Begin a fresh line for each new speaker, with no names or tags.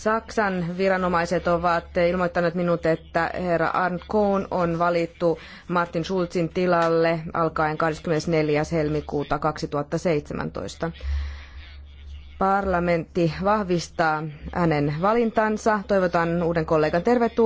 Saksan viranomaiset ovat ilmoittaneet minut, että herra Kohn on valittu Martin Schulzin tilalle alkaen 24. helmikuuta 2017. Parlamentti vahvistaa hänen valintansa. Toivotan uuden kollegan tervetulleeksi.